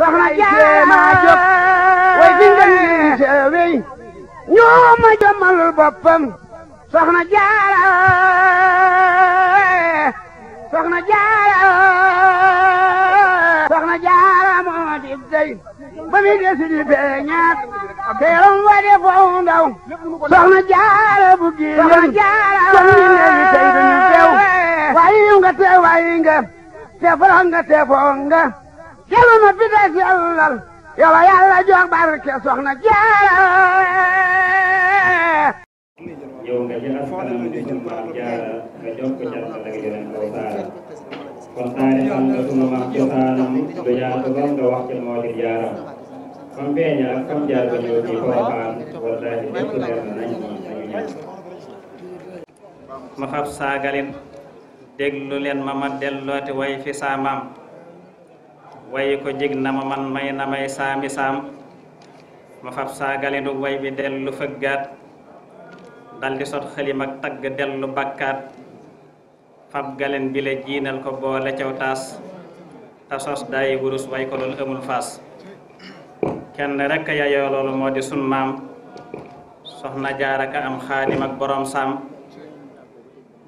soxna Jéema Jóob way fi ngeen di seewey ñoo ma jëmal boppam soxna Jaara soxna Jaara soxna Jaara moo di dey ba mi desi di feeñaat teeram wa de foofu ndaw soxna Jaara bu gii soxna yàlla na fi des yàllal yàlla barke soxna jaara yow nga jël nga jox ko jàll nga jëlee aw saara kon taari xam nga sunu maam cosaanam nga wax ci moo di jaaram fam feeña ak jaar ba ñëw ci Porokhane wallaahi lépp nañu ñaan ma fab saagaleen déglu ma ma delloote way fi way ko jig na ma man may na may saami saam ma fab saagalindu way bi dellu fëggaat daldi sot xëlim ak tagg dellu bakkaat fab galen bi la jiinal ko boole caw taas te sos dayi wurus way ko loolu amul faas kenn rekk yayoo loolu moo di sun maam soxna jaaraka am xaadim ak borom saam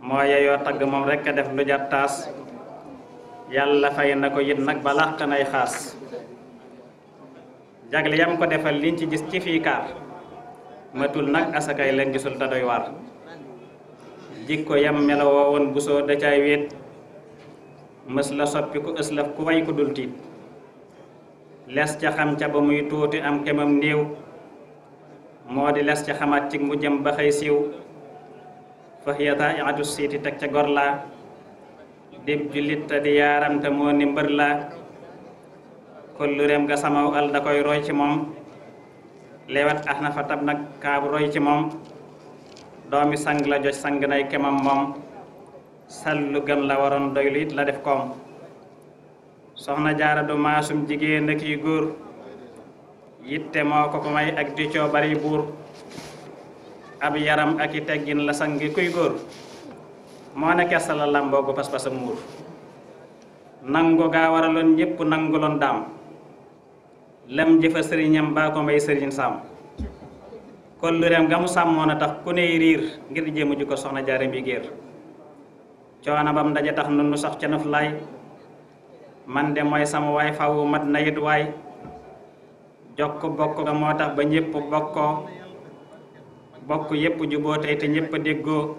moo yayoo tagg moom rekk def lu taas yàlla fay na ko it nag ba làq nay xaas jagle ko defal liñ ci gis ci fii kaar matul nag asakay leen gisul te doy jikko yam melowoo woon bu da caay wéet mës la soppi ku ëslaf ku way ku tiit les ca xam ca ba muy tuuti am kemam néew moo di les ca xamaat ci mu jëm ba xëy siiw fax yata siiti teg ca gorlaa dib jullit te di yaaram moo ni mbër la kollureem ga samaw al da koy roy ci moom lewat ax na fa tab nag kaabu roy ci moom doomi sang la joj sang nay kemam moom sallu gën la waroon doylu it la def koom soxna jaara maasum jigéen ak yi góor yitte moo ko ko may ak di coo bari buur ab yaram ak i teggin la sang kuy góor moo ne kersa la làmboo gu pas-pasam nguur nangu gaa waraloon ñépp nanguloon daam lem jëfa sëriñam baa ko may sëriñ sàmm kollureem nga mu sàmmoon a tax ku ney riir ngir jéemu ju ko soxna jaare bi géer coono bam daje tax nun nu sax ca naf man de mooy sama waay fawu mat na yit waay jokk bokk ga moo tax ba ñépp bokkoo bokk yépp juboo tey te ñépp déggoo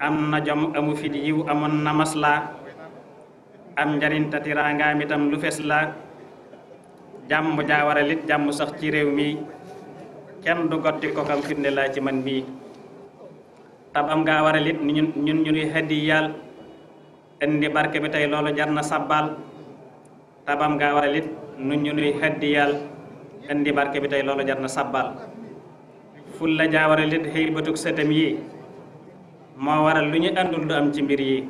am na jom amu fi yiw amoon na maslaa am njariñ ta tiraangaam itam lu fes la jàmm jaawaral jàmm sax ci réew mi kenn du gotti ko kam firnde laa ci man mii tab am ngaa waral ñun ñun indi barke bi tey loolu jar na sabbal tab am ngaa waral ñun ñu indi barke bi tey loolu jar na sabbal ful la jaawaral batuk sëtam yi moo waral lu ñu àndul du am ci mbir yi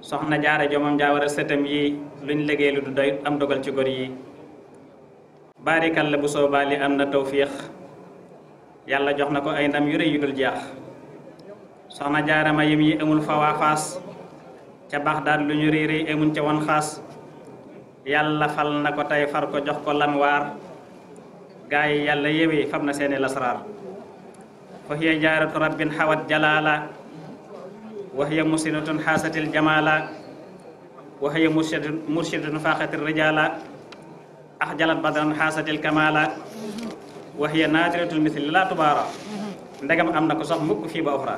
soxna jaara jomam jaa waral sëtam yi luñ liggéey lu du doy am dogal ci gor yi baarikal la bu soobaa li am na tawfiix yàlla jox na ko ay ndam yu rëy yu dul jeex soxna jaara ma yi amul fa waa faas ca baxdaad lu ñu rëy rëy amuñ ca won xaas yàlla fal na ko tey far ko jox ko lan waar gaa yi yàlla yewee fab na seeni lasraar fa hiya jaaratu rabbin hawat jalala wa hiya musinatun hasatil jamala wa hiya murshidatun murshidatun faaxatil rijala ahjalat badaran hasatil kamala wa hiya naadiratun misli la tubaara ndegam am na ko sax mukk fii uxra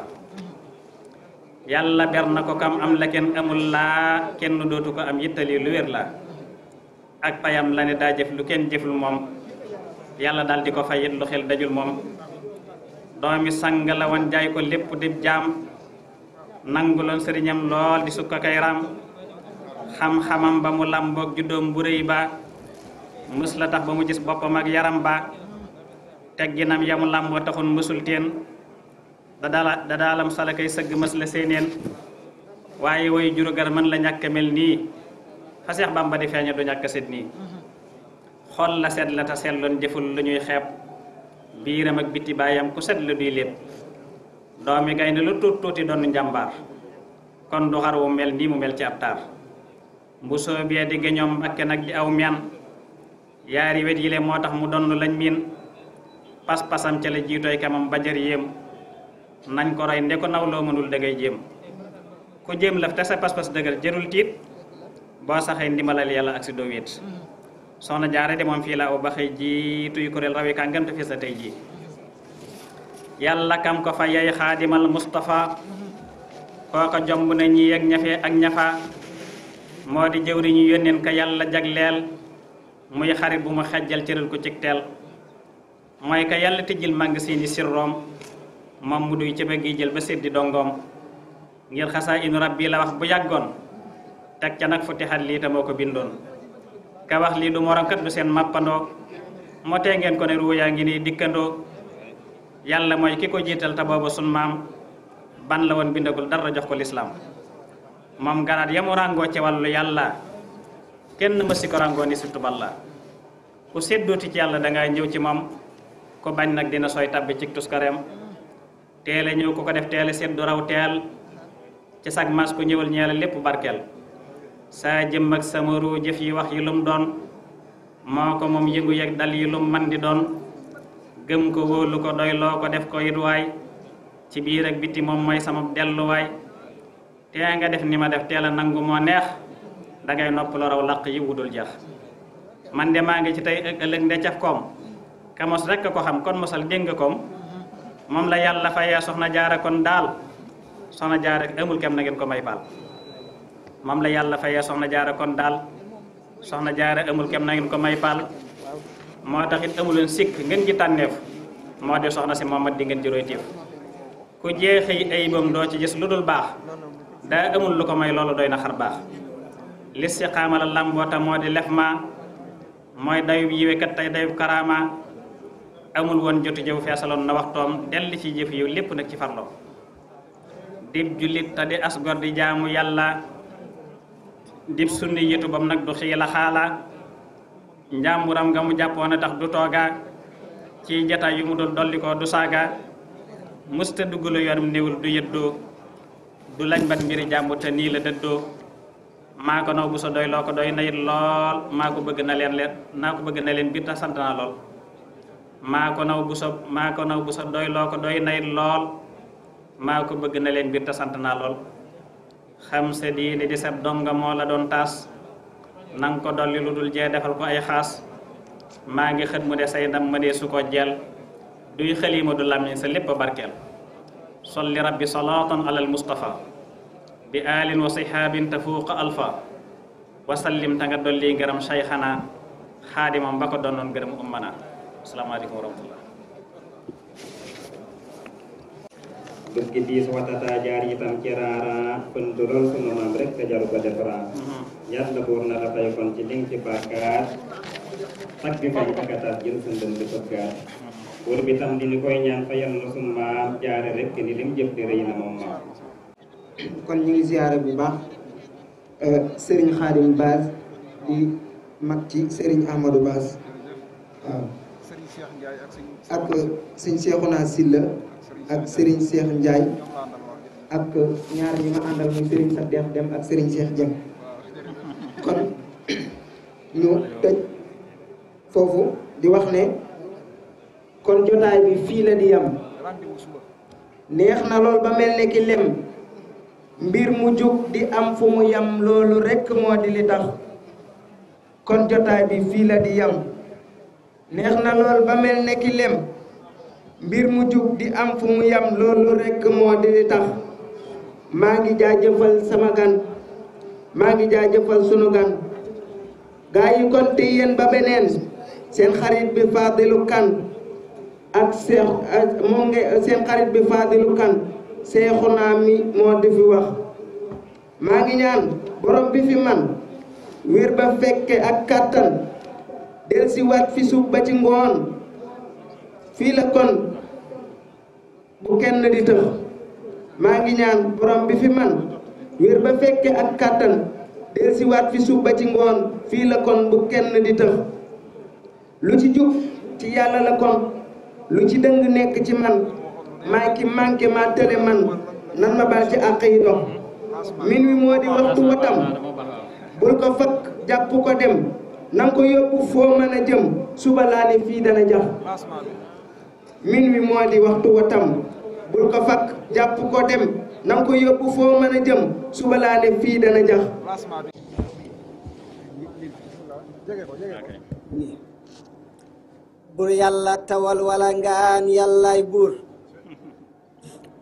yàlla ber na ko kam am la kenn amul laa dootu ko am yittali lu la ak payam la ne daa jëf lu kenn jëful daal di ko fayit lu xel dajul moom doomi sang la woon jaay ko lépp dib jaam nangu loon sëriñam lool di sukka kay ram xam-xamam ba mu làmboog juddoom bu ba mës la tax ba mu jis boppam ak yaram ba tegginam yamu làmboo taxun mësul teen da daala da daalam sëgg mës la seeneen waaye woy jurugar mën la ñàkk mel nii fa Seex Bamba di feeñe du ñàkk set nii mm-hmm. xol la seet la te seetloon jëful lu ñuy xeeb biiram ak biti baayam ku set la duy lépp doomi gaynde lu tuut tuuti doon njàmbaar kon du xar wu mel nii mel ci ab taar mbusoo bee di géñoom ak nag di aw mian yaari yi yile moo tax mu donn lañ miin pas-pasam ca la jiitooy kamam bajar yéem nañ ko rey nde ko naw loo mënul dangay jéem ku jéem laf te sa pas-pas dëgër jërul tiit boo saxee ndimalal yàlla ak si doo soxna jaara de moom fii la aw baxee jiituy kuréel rawi ka ngant fi sa tey ji yàlla kam ko fa yay xaadimal Moustapha kooka jomb na ñi ak ñafe ak ñafa moo di jëwri ñu yónneen ko yàlla jagleel muy xarit bu mu xajjal cëral ko cig teel mooy ko yàlla tijjil màng seeni sirroom moom mu duy cëba gi jël ba séddi dongoom ngir xasaa inu rabbi la wax bu yàggoon teg ca nag futi xal lii te moo ko bindoon ka lii du morom kat du seen màppandoo moo tee ngeen ko ne ruu yaa ngi nii dikkandoo yàlla mooy ki ko jiital te booba sun maam ban la woon bindagul dara jox ko lislaam moom garaat ya mu ràngoo ci wàllu yàlla kenn mësi ko ràngoo ni surtout balla ku seddooti ci yàlla dangaa ñëw ci moom ku bañ nag dina sooy tabbi ci tuskareem teele ñëw ku ko def teele seddu raw teel ci sag mas ku ñëwal ñeela lépp barkeel saa jëmm ak sama ruu jëf yi wax yi lum doon moo ko moom yëngu yëg dal yi lum man di doon gëm ko wóolu ko doyloo ko def ko it waay ci biir ak biti moom mooy sama delluwaay tee nga def ni ma def teel a nangu moo neex dangay nopp lu raw laq yi wudul jax man de maa ngi ci tey ëllëg nde caf koom kamos rekk ko xam kon mosal dégg nga koom moom la yàlla fayee soxna jaara kon daal soxna jaara amul kem na ngeen ko may baal moom la yàlla fayee soxna jaara kon daal soxna jaara amul kem na ngeen ko may pal moo tax it amuloon sikk ngeen ji tànneef moo di soxna si Muhammad di ngeen ji roy tiif ku jeexi ayibam doo ci gis lu dul baax daa amul lu ko may loolu doy na xar baax listiqaama la làmboota moo di lef ma mooy dayub yiwekat tey dayub karaama amul woon jotu jëw feesaloon na waxtoom dell ci jëf yu lépp nag ci farlo dib jullit te di asgor di jaamu yàlla dib sunni yitu bam nag du xiila xaala njàmburam nga mu jàppoona tax du tooga ci jataay yu mu dul dolli ko du saaga musta duggalu yoonum néewul du yëddoo du lañ bat mbiri jàmbur te nii la dëddoo maa ko naw bu sa doy ko doy nayit lool maa bëgg na leen leen naa ko bëgg na leen biir te sant lool maa ko naw bu sa maa ko naw bu sa doy loo ko doy nayit lool maa ko bëgg na leen biir te sant naa lool xam sa diine di sab donga moo la doon taas nang ko dolli lu dul jee defal ko ay xaas maa ngi xët mu de say dam ma dee su ko jel duy xalima du làmmiñ sa lépp barkeel solli rabbi salaatan alal mustafa bi alin wa sihaabin tafuuqa alfa wa sallim ta nga dolli ngërëm say xanaa xaadimam ba ko doonoon gërëm ummana asalaamaaleykum dëkk diis watata jaar itam ci raara pënd lool sunu maam rek te jaru ko defaraat yàlla buur na la fay kon ci ling ci bàkkaar tag bi fañ akataat jël sundam di fëggaat buur bi tam di ni koy ñaan rëy na moom maam kon ñu ngi ziyaare baax eh, Serigne Khadim Bass mag ci Serigne Amadou Bass ak sëñ Cheikhouna Silla ak Serigne seex Ndiaye ak ñaar ñi ma àndal muy Serigne Sadex Dem ak Serigne seex Jëm kon ñu tëj foofu di wax ne kon jotaay bi fii la di yam neex na lool ba mel ne ki lem mbir mu jóg di am fu mu yam loolu rekk moo di li tax kon jotaay bi fii la di yam neex na lool ba mel ne ki mbir mu jub di am fu mu yam loolu rekk moo di tax maa ngi jaajëfal sama gan maa ngi jaajëfal sunu gan gaa yi kon te yéen ba beneen seen xarit bi Fadilou Kane ak Cheikh mi moo di fi wax maa ngi ñaan borom bi fi man wér ba fekke ak kàttan del fi suuf ba ci ngoon fii la kon bu kenn di tëx maa ngi ñaan borom bi fi man wér ba fekke ak kàttan del fi suuf ba ci ngoon fii la kon bu kenn di tëx lu ci jub ci yàlla la kon lu ci dëng nekk ci man maa ki manqué maa tële man nan ma baal ci àq yi dox min wi moo di waxtu watam bul ko fakk jàpp ko dem na ko yóbbu foo jëm suba laa fii dana jax min wi moo di waxtu watam bul ko fakk jàpp ko dem na ko yóbbu foo mën a jëm suba laa fii dana jax bur yàlla tawal wala ngaan yàllaay buur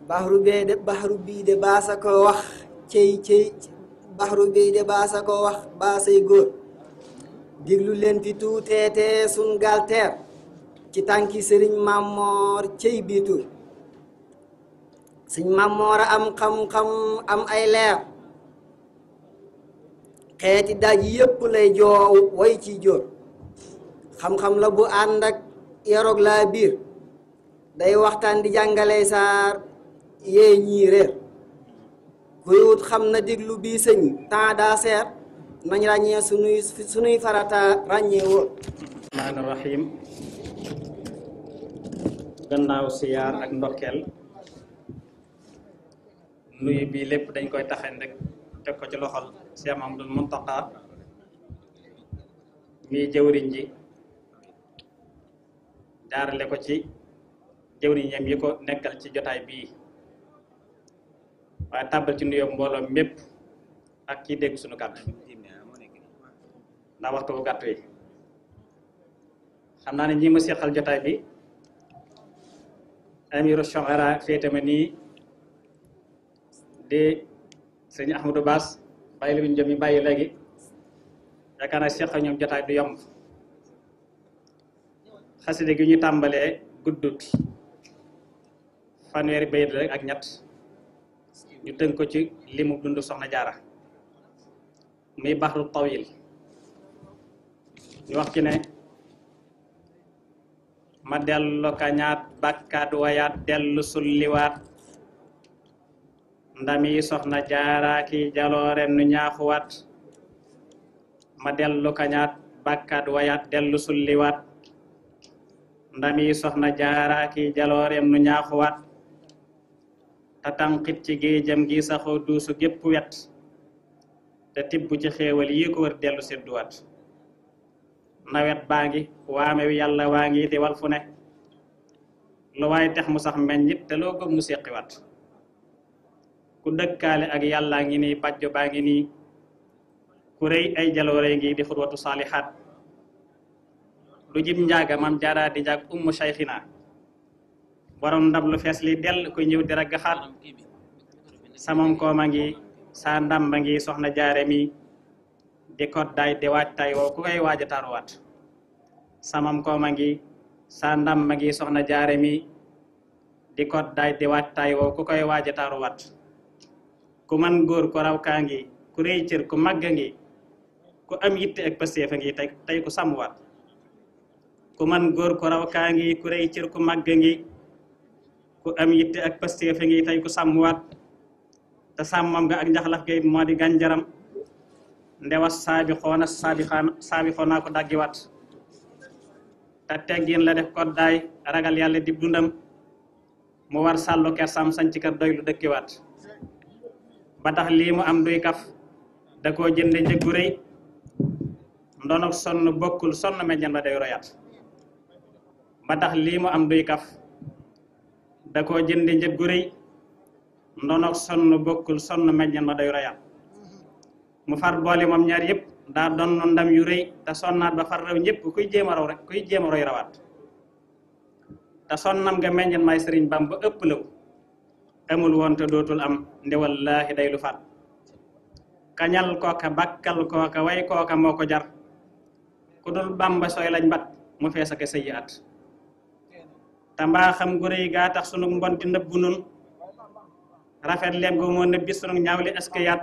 baxaru bee de baxaru bii de baasa ko wax cey cey baxaru bii de baasa ko wax baasay góor diglu leen fi tuuteete sun galteer ci tànki sëriñ Mamor cey biitur sëñ Mamor a am xam-xam am ay leer xeeti daj yépp lay joow way ci jóor xam-xam la bu ànd ak yaroog laa biir day waxtaan di jàngale saar yee ñii kuy wut xam na diglu bi sëñ temps daa nañ ràññee sunuy sunuy farata ràññee woon rahmaani rahim gannaaw siyaar ak ndokkeel nuyu bii lépp dañ koy taxeen rek teg ko ci loxol Cheikh Mamadou Mountakha mii jëwriñ ji jaarale ko ci jëwriñam yi ko nekkal ci jotaay bii waaye tàbbal ci nuyoo mbooloo mépp ak kii dégg sunu kàddu ndax waxtu bu gàtt wi xam naa ne ñi ma seqal jotaay bi amiru shohara féete ma nii di sëñ Ahmadou Bass bàyyi lu ñu jëm yi bàyyi léegi yaakaar naa seqal ñoom jotaay du yomb xasida gi ñu tàmbalee guddut fanweeri bayit rek ak ñett ñu tënk ko ci limu dund soxna jaara muy baxru tawil di wax ci ne ma dellu kañaat bakkaat wayaat dellu sulliwaat ndami soxna jaaraaki jaloorem nu ñaaxuwaat ma dellu kañaat bakkaat wayaat dellu sulliwaat ndami soxna jaaraaki jaloorem nu ñaaxuwaat te tànqit ci géejam gi saxoo duusu gépp wet te tibb ci xéewal yi wër dellu sedduwaat nawet baa ngi waame wi yàlla waa ngi di wal fu ne lu waay tax mu sax meññit te loo gëm mu seqiwaat ku dëkkaale ak yàlla ngi nii bàjjo baa ngi nii ku rëy ay jaloore ngi di xudwatu saalihaat lu jib njaaga mam jaaraa di njaag ummu sayxina borom ndab lu fees li dell ku ñëw di raggaxaat samam ngi saa ndamba ngi soxna jaare mi di kodday di waajtay woo ku koy waaj a taruwaat samam kooma ngi sa ndam ma ngi soxna jaare mi di kodday di waajtay woo ku koy waaj a ku man góor ku raw kaa ngi ku réy cër ku màgg a ngi ku am yitte ak pasteef ngi tey tey ku sàmmwaat ku man góor ku raw kaa ngi ku ku màgg ngi ku am yitte ak ngi tey ku sàmmwaat te sàmmam nga ak njaxlaf ndewa saabixoona saabixaana saabixoonaa ko daggiwaat te teggin la def koddaay ragal yàlla dib dundam mu war sàllu kersaam sañ ci kër doy lu dëkkiwaat ba tax lii mu am duy kaf da koo jënde njëggu rëy ndonog sonn bokkul sonn meññan ba day tax lii mu am duy da koo jënde njëggu rëy bokkul sonn meññan ba day royaat mu far boole moom ñaar yëpp daa doon ndam yu rëy te sonnaat ba far raw ñëpp kuy jéem a raw rek kuy jéem a rawaat te sonnam nga meññal may sëriñ ba ëpp law amul woon te dootul am nde wallaahi day lu faat kañal kooka bakkal kooka way kooka moo ko jar ku dul Bamba sooy lañ bat mu fees ak sëyi at mbaaxam gu rëy gaa tax sunu mbon di nun rafet leeg gu moo nëbbi sunu ñaaw askayaat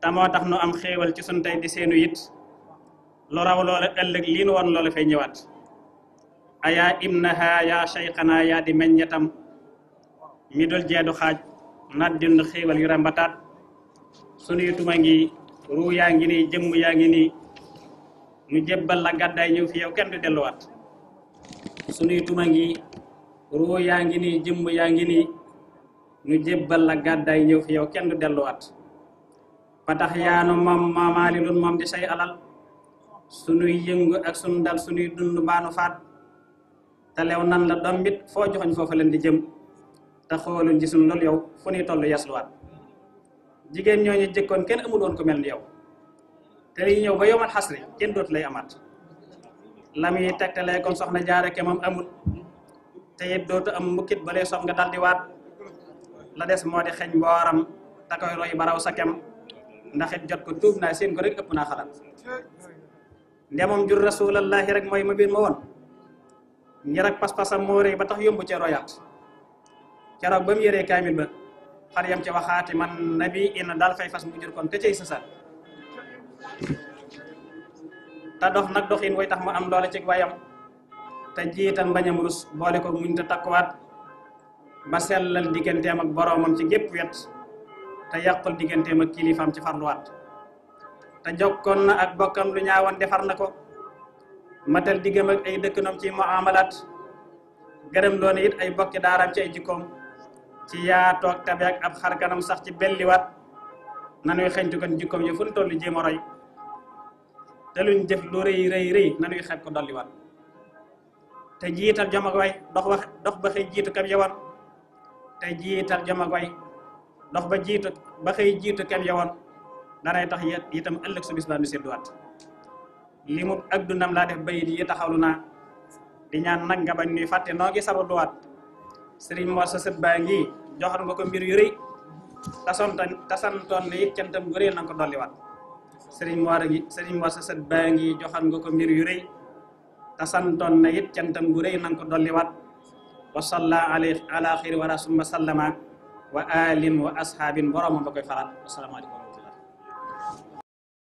tamoo tax nu am xéewal ci sunu tey di seenu it lu raw loola ëllëg lii nu woon loola fay ñëwaat ayaa imnaha yaa cheyxana yaa di meññetam mi dul jeedu xaaj naat dindu xéewal yu rambataat sunuy tuma ngi ruu yaa ngi nii jëmm yaa ngi nii nu jébbal la gàddaay ñëw fi yow kenn delluwaat sunuy ngi yaa ngi nii jëmm yaa ngi nii nu jébbal la gàddaay ñëw yow kenn du delluwaat fa tax yaanu moom mamaalilun moom di say alal sunuy yëngu ak sunu dal sunuy dund mbaanu faat te lew nan la dombit foo joxoñ foofa leen di jëm te xooluñ gisum loolu yow fu nuy toll yasluwaat jigéen ñooñu jëkkoon kenn amul woon ko mel ni yow te li ñëw ba yowmal xasri kenn dootu lay amaat lam yi tegtalee kon soxna jaareke moom amul te it dootu am mukkit ba lay nga dal waat la des moo di xeñ mbooram te koy roy baraw sa kem ndax jot ko tuub naa seen ko rek ëpp naa xalaat ndemam jur rasulallahi rek mooy ma biir ma woon ñi rek pas-pasam moo rëy ba tax yomb ca royaat keroog ba mu yëree kaamil ba xar yam ca waxaati man nabi ina daal fay fas mu jur kon te cay sasal dox nag doxin way tax ma am doole ci wayam te jiital mbañam rus boole ko muñ te takkuwaat ba sellal digganteem ak boroomam ci gépp wet te yàqul digganteem ak kilifaam ci farluwaat te jokkoon na ak bokkam lu ñaawoon defar na ko matal diggam ay dëkkanoom ci muamalaat gërëm loone it ay bokki daaraam ci ay jikkoom ci yaatoog tabe ak ab xarkanam sax ci belliwaat nanuy xentu kon jikkoom yi fu ñu tollu jéem te luñ jëf lu rëy rëy rëy nanuy xet ko dolliwaat te jiital jom ak dox ba xëy jiitu kam yewar te jiital jom ak dox ba jiitu ba xëy jiitu kenn yowoon danay tax itam ëllëg su bis ba nu sedduwaat li mu ak laa def bayit yi taxawlu naa di ñaan nag nga bañ nuy fàtte noo ngi saru duwaat sëriñ Mor sa sët baa ngi joxoon nga ko mbir yu rëy tasonta tasantoon na it cantam gu rëy na nga ko dolliwaat sëriñ Mor gi sëriñ Mor sa sët nga ko mbir yu rëy tasantoon na it na nga ko dolliwaat wa salla ala xayri wara summa wa alin wa asxaabin boroomam ba koy faral asalaamaaleykum